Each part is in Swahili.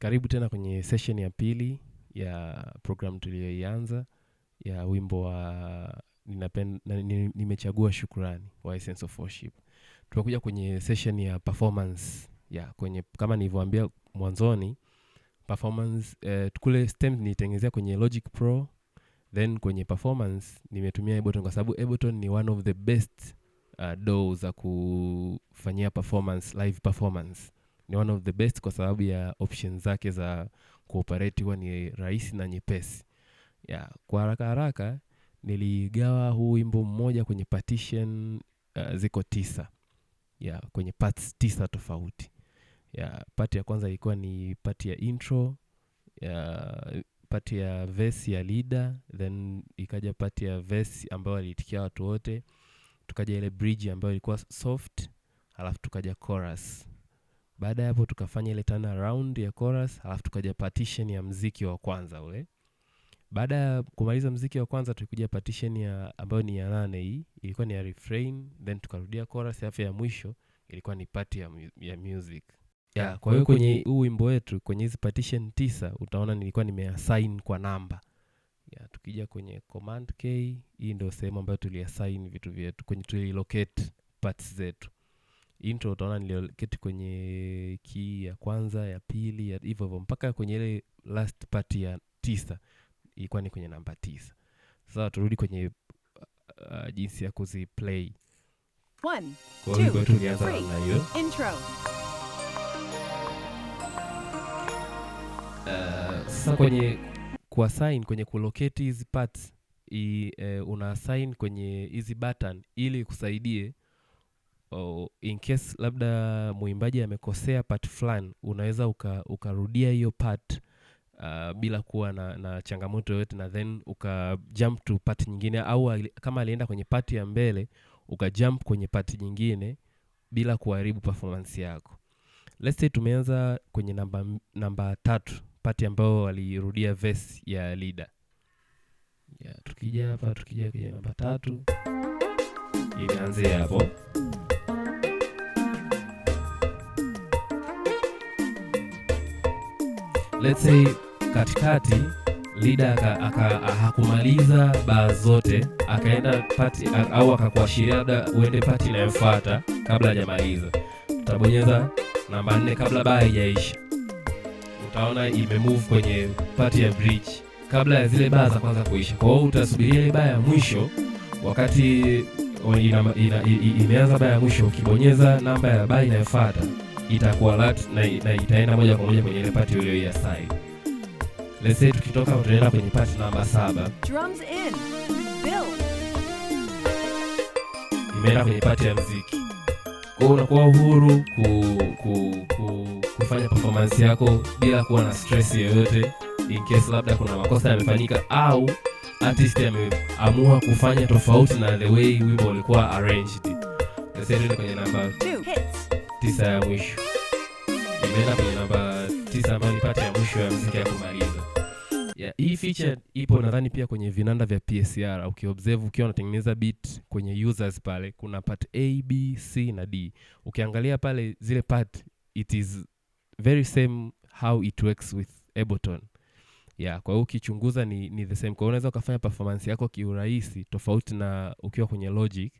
Karibu tena kwenye seshen ya pili ya programu tuliyoianza ya wimbo wa nimechagua shukurani wa Essence of Worship. Tunakuja kwenye seshen ya performance ya kwenye, kama nilivyoambia mwanzoni performance eh, kule stem nitengenezea kwenye Logic Pro, then kwenye performance nimetumia Ableton kwa sababu Ableton ni one of the best uh, ah, do za kufanyia performance, live performance ni one of the best kwa sababu ya option zake za kuoperate huwa ni rahisi na nyepesi ya Kwa haraka haraka niligawa huu wimbo mmoja kwenye partition uh, ziko tisa ya kwenye parts tisa tofauti ya Pati ya kwanza ilikuwa ni pati ya intro ya pati ya verse ya leader, then ikaja pati ya verse ambayo aliitikia watu wote, tukaja ile bridge ambayo ilikuwa soft, alafu tukaja chorus baada ya hapo tukafanya ile round ya chorus, alafu tukaja partition ya mziki wa kwanza ule. Baada ya kumaliza mziki wa kwanza tulikuja partition ya ambayo ni ya nane, hii ilikuwa ni ya refrain, then tukarudia chorus, alafu ya mwisho ilikuwa ni part ya, ya music ya, yeah, kwa hiyo kwenye huu wimbo wetu kwenye hizi partition tisa utaona nilikuwa nimeassign kwa namba ya, tukija kwenye command K, hii ndio sehemu ambayo tuliassign vitu vyetu kwenye tulilocate parts zetu intro utaona nilioketi kwenye kii ya kwanza ya pili hivyo hivyo mpaka kwenye ile last part ya tisa ilikuwa ni kwenye namba tisa sasa turudi kwenye uh, uh jinsi ya kuziplay tulianza namna hiyo uh, sasa kwenye kuasin kwenye kuloketi hizi parts i, eh, una asin kwenye hizi button ili kusaidie oh, in case labda mwimbaji amekosea part fulani, unaweza uka, ukarudia hiyo part uh, bila kuwa na, na changamoto yoyote, na then uka jump to part nyingine, au kama alienda kwenye part ya mbele uka jump kwenye part nyingine bila kuharibu performance yako. Let's say tumeanza kwenye namba, namba tatu pati ambayo walirudia verse ya leader yeah, tukija hapa tukija kwenye namba tatu inaanzia hapo. let's say katikati lida hakumaliza baa zote akaenda pati au akakuashiria labda uende pati inayofuata kabla hajamaliza, utabonyeza namba nne kabla baa haijaisha, utaona imemove kwenye pati ya bridge kabla ya zile baa za kwanza kuisha. Kwa hiyo utasubiria ile baa ya mwisho, wakati imeanza baa ya mwisho, ukibonyeza namba ya baa inayofata itakuwa alert na, na itaenda moja kwa moja kwenye ile part hiyo ya sign. Let's say tukitoka tunaenda kwenye part namba saba. Drums in. Build. Imeenda kwenye part ya muziki. Kwa hiyo unakuwa uhuru ku, ku, ku, kufanya performance yako bila kuwa na stress yoyote in case labda kuna makosa yamefanyika au artist ameamua kufanya tofauti na the way wimbo ulikuwa arranged. Let's say kwenye namba 2. Hits tisa ya mwisho. imeenda kwenye namba tisa ambayo ni pati ya mwisho ya mziki ya kumaliza. Yeah, hii feature ipo nadhani pia kwenye vinanda vya PSR. Ukiobserve ukiwa unatengeneza beat kwenye users pale kuna part A, B, C na D. Ukiangalia pale zile part it is very same how it works with Ableton. Yeah, kwa hiyo ukichunguza ni, ni the same. Kwa unaweza ukafanya performance yako kiurahisi tofauti na ukiwa kwenye Logic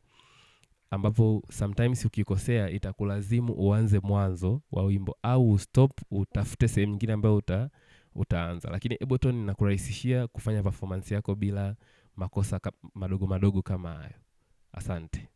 ambapo sometimes ukikosea itakulazimu uanze mwanzo wa wimbo au stop utafute sehemu nyingine ambayo uta, utaanza, lakini Ableton inakurahisishia kufanya performance yako bila makosa madogo madogo kama hayo. Asante.